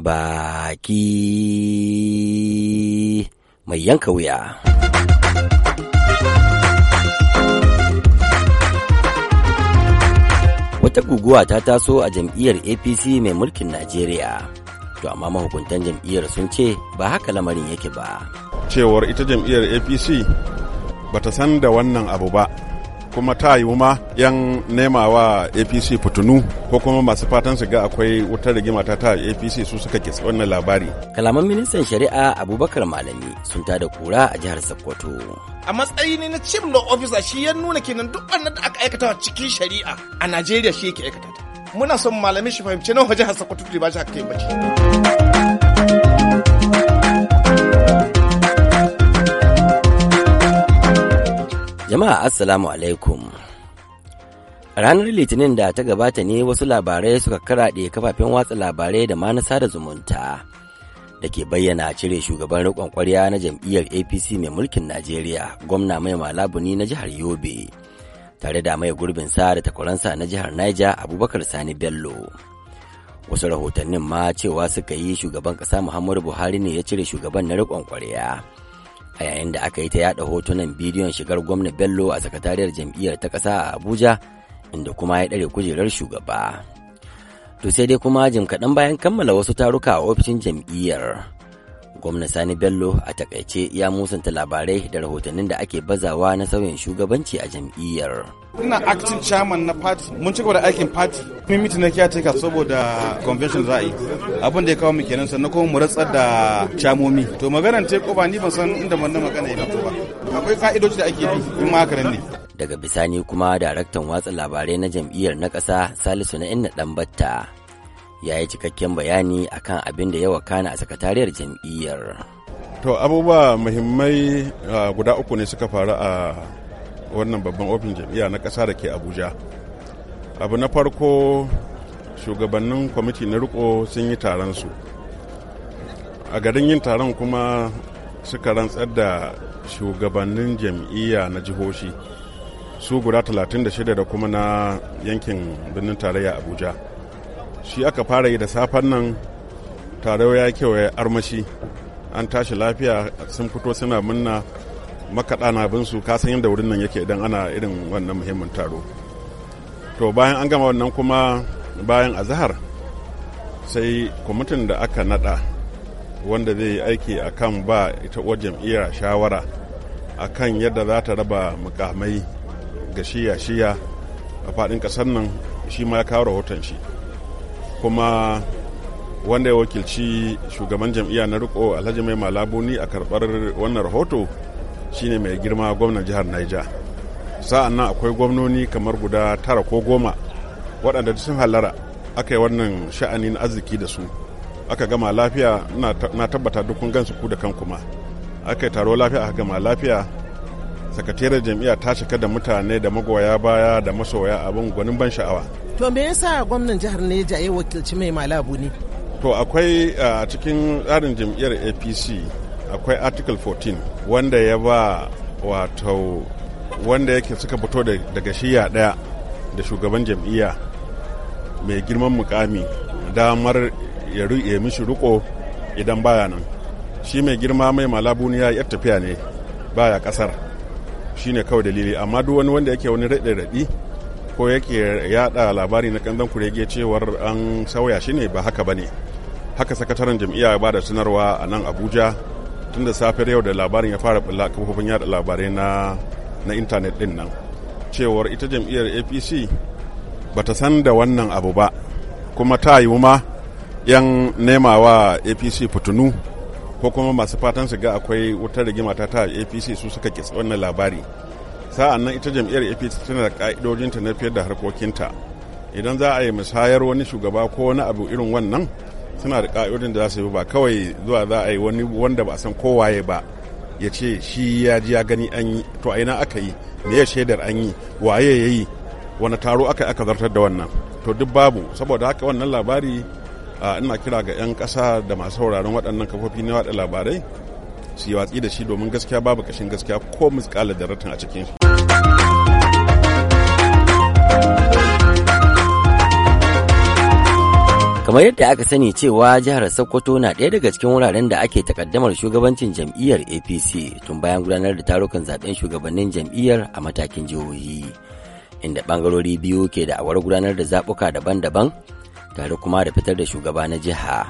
baki mai yanka wuya. Wata guguwa ta taso a jam'iyyar APC mai mulkin Najeriya. To amma mahukuntan jam'iyyar sun ce ba haka lamarin yake ba. Cewar ita jam'iyyar APC bata san da wannan abu ba. kuma ta yiwu ma yan nema wa apc fitinu ko kuma masu fatan su ga akwai wutar rigima ta ta apc su suka ke wannan labari kalaman ministan shari'a abubakar malami sun da kura a jihar sokoto a matsayi ne na chief law officer shi ya nuna kenan duk wannan da aka aikata cikin shari'a a najeriya shi yake aikata muna son malami shi fahimci nawa jihar sokoto ba shi haka ba Jama'a Assalamu alaikum. Ranar Litinin da ta gabata ne wasu labarai suka karaɗe kafafen watsa labarai da ma na sada zumunta da ke bayyana cire shugaban riƙon ƙwarya na jam'iyyar APC mai mulkin Najeriya, gwamna mai malabuni na jihar Yobe, tare da mai gurbin sa da takwaransa na jihar Niger Abubakar Sani Bello. wasu rahotannin ma cewa suka yi shugaban ƙasa muhammadu buhari ne ya cire shugaban na riƙon ƙwarya a yayin da aka yi ta yada hotunan bidiyon shigar gwamna bello a sakatariyar jam'iyyar ta ƙasa a abuja inda kuma ya ɗare kujerar shugaba to sai dai kuma jim kaɗan bayan kammala wasu taruka a ofishin jam'iyyar gwamna sani bello a takaice ya musanta labarai da rahotannin da ake bazawa na sauyin shugabanci a jam'iyyar ina acting chairman na party mun ci gaba da aikin party mun miti na ka saboda convention za a yi abin da ya kawo mu kenan sannan kuma mu ratsar da chamomi to maganar ta ba ni ban san inda wannan magana ya fito ba akwai ka'idoji da ake bi in ma ne daga bisani kuma daraktan watsa labarai na jam'iyyar na ƙasa salisu na inna dan batta ya yi cikakken bayani akan abin da ya kana a sakatariyar jam'iyyar. To abubuwa muhimmai ah, guda uku ne suka faru a wannan babban ofin jam'iyya na ƙasa da ke Abuja. Abu na farko shugabannin kwamiti na riko sun yi taron su. A garin yin taron kuma suka rantsar da shugabannin jam'iyya na jihohi su guda 36 da kuma na yankin birnin tarayya Abuja. shi aka fara yi da safen nan tare ya kewaye armashi an tashi lafiya sun fito suna munna makaɗa na bin su kasan yadda wurin nan yake idan ana irin wannan muhimmin taro to bayan an gama wannan kuma bayan azahar sai kwamitin da aka nada wanda zai yi aiki a kan ba ita uwar jam'iyyar shawara a kan yadda za ta raba mukamai ga shiya-shiya a faɗin ƙasar nan shi ma ya kawo rahoton shi kuma wanda ya wakilci shugaban jam'iyya na riko alhaji mai malabuni a karbar wannan rahoto shine mai girma gwamnan jihar naija sa'an nan akwai gwamnoni kamar guda tara ko goma waɗanda sun halara aka yi wannan sha'ani na arziki da su aka gama lafiya na tabbata dukkan gansu ku da kan kuma aka yi taro lafiya aka gama lafiya sakataren jam'iyya ta cika da mutane da magoya baya da masoya abin gwanin ban sha'awa to me yasa gwamnan jihar neja ya wakilci mai malabu ne to akwai a cikin tsarin jam'iyyar apc akwai article 14 wanda ya ba wato wanda yake suka fito daga shiya daya da shugaban jam'iyya mai girman mukami damar ya mishi riko idan baya nan shi mai girma mai ya yar tafiya ne baya kasar shine kawai dalili amma duk wani wanda yake wani raɗe-raɗi ko yake yada labari na kandan kurege cewar an sauya shi ne ba haka ba ne haka sakataren jam'iyya ba da sanarwa a nan abuja tun da safiyar yau da labarin ya fara bulla kafofin yada labarai na na intanet din nan cewar ita jam'iyyar apc ba ta san da wannan abu ba kuma ta yiwu ma yan nema wa apc fitinu ko kuma masu fatan su akwai wutar rigima ta ta apc su suka kitsa wannan labari sa'an nan ita jam'iyyar apc tana da ƙa'idojinta na fiye da harkokinta idan za a yi musayar wani shugaba ko wani abu irin wannan suna da ka'idojin da za su yi ba kawai zuwa za a yi wani wanda ba a san kowaye ba ya ce shi ya ji ya gani an yi to a ina aka yi me ya shaidar an yi waye ya yi wani taro aka aka zartar da wannan to duk babu saboda haka wannan labari ina kira ga 'yan ƙasa da masu sauraron waɗannan kafofi na waɗa labarai su yi watsi da shi domin gaskiya babu kashin gaskiya ko misƙalar da a cikin shi kamar yadda aka sani cewa jihar sokoto na ɗaya daga cikin wuraren da ake takaddamar shugabancin jam'iyyar apc tun bayan gudanar da tarukan zaben shugabannin jam'iyyar a matakin jihohi inda ɓangarori biyu ke da awar gudanar da zaɓuka daban-daban tare kuma da fitar da shugaba na jiha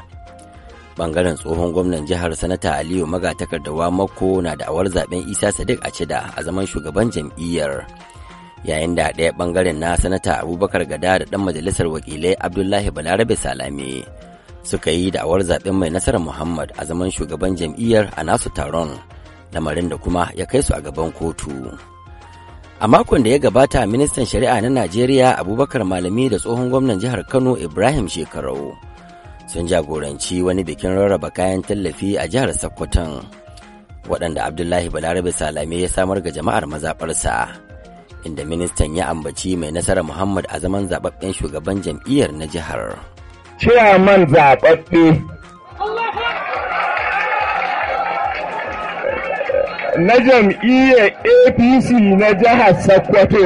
ɓangaren tsohon gwamnan jihar sanata aliyu magatakardawa mako na da awar zaben isa sadiq a cida a zaman shugaban jam'iyyar yayin da ɗaya ɓangaren na sanata abubakar gada da ɗan majalisar wakilai abdullahi balarabe salame suka yi da'awar zaɓen mai nasara muhammad a zaman shugaban jam'iyyar a nasu taron lamarin da kuma ya kai su a gaban kotu a makon da ya gabata ministan shari'a na najeriya abubakar malami da tsohon gwamnan jihar kano ibrahim shekarau sun jagoranci wani bikin rarraba kayan tallafi a jihar sokoton waɗanda abdullahi balarabe salame ya samar ga jama'ar mazaɓarsa. inda ministan ya ambaci mai nasara Muhammad a zaman zababben shugaban jam'iyyar na jihar. Ciyaman zababbe na jam'iyyar APC na jihar Sokoto.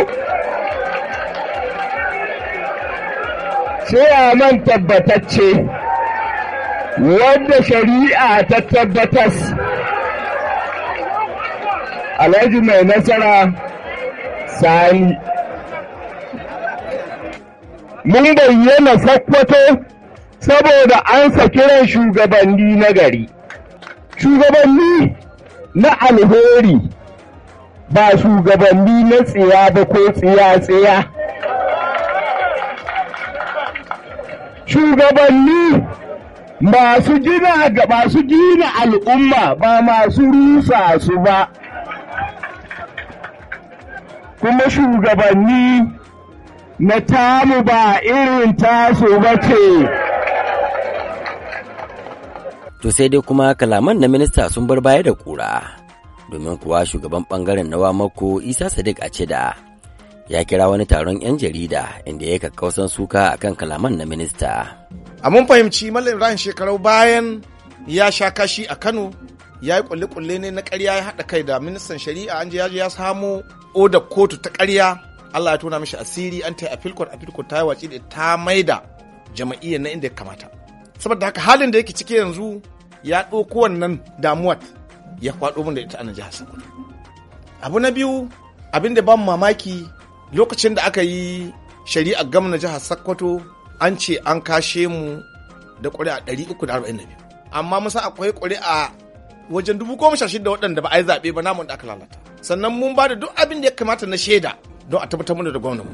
Ciyaman tabbatacce wadda shari'a ta tabbatas. Alhaji mai nasara sani mun bayyana sakkwato saboda an kiran shugabanni na gari shugabanni na alheri ba shugabanni na tsiya ba ko tsiya-tsiya shugabanni masu masu gina al'umma ba masu rusa su ba kuma shugabanni na tamu ba irin taso ba ce. to sai dai kuma kalaman na minista sun bar baya da kura domin kuwa shugaban bangaren na mako isa sadiq a cida ya kira wani taron 'yan jarida inda ya kakkausan suka a kan kalaman na minista a mun fahimci malam ran shekarau bayan ya sha kashi a kano ya yi kulle-kulle ne na ƙarya ya haɗa kai da ministan shari'a an je ya samu oda kotu ta ƙarya Allah ya tona mishi asiri an ta yi afilkot afilkot ta yi watsi da ta maida jama'iyyar na inda ya kamata saboda haka halin da yake ciki yanzu ya ɗauko wannan damuwar ya kwaɗo min da ita a jihar Sokoto abu na biyu abin da ban mamaki lokacin da aka yi shari'ar gwamna jihar Sokoto an ce an kashe mu da ƙuri'a 342 amma musa akwai ƙuri'a wajen dubu goma sha shida waɗanda ba a yi zaɓe ba namun da aka lalata sannan mun ba da duk abin da ya kamata na shaida don a tabbatar mana da gwamna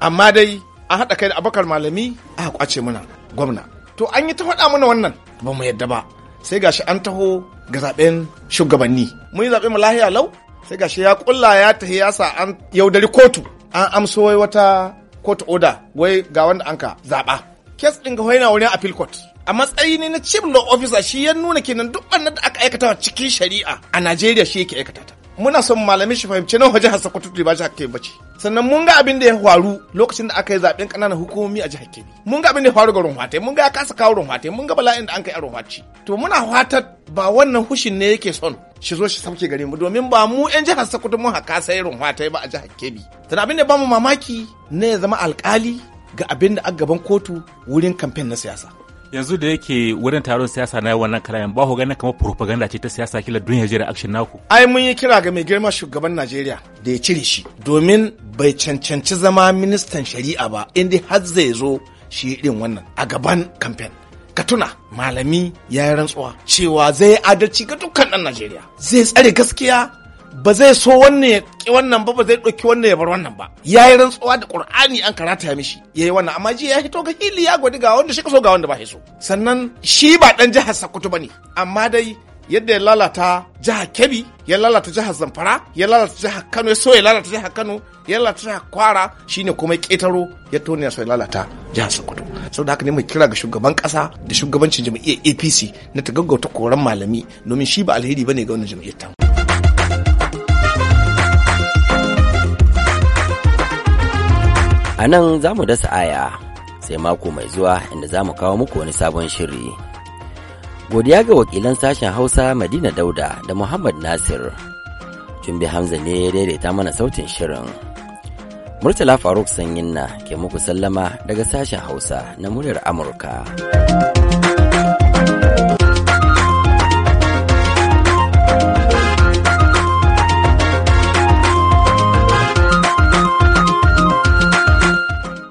amma dai an haɗa kai da abakar malami a kwace mana gwamna to an yi ta faɗa mana wannan ba mu yadda ba sai gashi an taho ga zaɓen shugabanni mun yi zaɓe mu lahiya lau sai gashi ya kulla ya tahi ya sa an yaudari kotu an amso wai wata kotu oda wai ga wanda anka zaɓa kes ɗin ga hoina wani a court a matsayin na chief law officer shi ya nuna kenan duk wannan da aka aikata cikin shari'a a Najeriya shi yake aikata ta muna son malamin shi fahimci nan waje hasa kwatutu ba shi bace sannan mun ga abin da ya faru lokacin da aka yi zaben kananan hukumomi a jihar Kebbi mun ga abin da ya faru ga Runhwatai mun ga ya kasa kawo Runhwatai mun ga bala'in da an kai a Runhwaci to muna fatar ba wannan hushin ne yake son shi zo shi sauke gare mu domin ba mu yan jihar Sokoto mun haka sai Runhwatai ba a jihar Kebbi sannan abin da ba mu mamaki ne ya zama alkali ga abin da a gaban kotu wurin kamfen na siyasa yanzu da yake wurin taron siyasa na wannan kalayan ba ku ganin kamar propaganda ce ta siyasa kila don ya jira action naku ai mun yi kira ga mai girma shugaban Najeriya da ya cire shi domin bai cancanci zama ministan shari'a ba inda har zai zo shi irin wannan a gaban kamfen ka tuna malami ya yi rantsuwa cewa zai adalci ga dukkan ɗan Najeriya zai tsare gaskiya ba zai so wannan ya ki wannan ba ba zai ɗauki wannan ya bar wannan ba ya yi rantsuwa da ƙur'ani an karata ya mishi ya yi wannan amma ji ya hito ga hili ya gwadi ga wanda shi ka so ga wanda ba so sannan shi ba ɗan jihar Sokoto ba ne amma dai yadda ya lalata jihar kebbi ya lalata jihar zamfara ya lalata jihar kano ya so ya lalata jihar kano ya lalata jihar kwara shine kuma ƙetaro ya tone so ya lalata jihar Sau saboda haka ne mai kira ga shugaban ƙasa da shugabancin jam'iyyar apc na ta gaggauta koran malami domin shi ba alheri ba ne ga wannan jam'iyyar tamu A nan za mu dasa aya sai mako mai zuwa inda za mu kawo muku wani sabon shiri. Godiya ga wakilan sashen Hausa Madina Dauda da Muhammad Nasir. Jumbi Hamza ne ya daidaita mana sautin shirin. Murtala Faruk Sanyin na ke muku sallama daga sashen Hausa na muryar Amurka.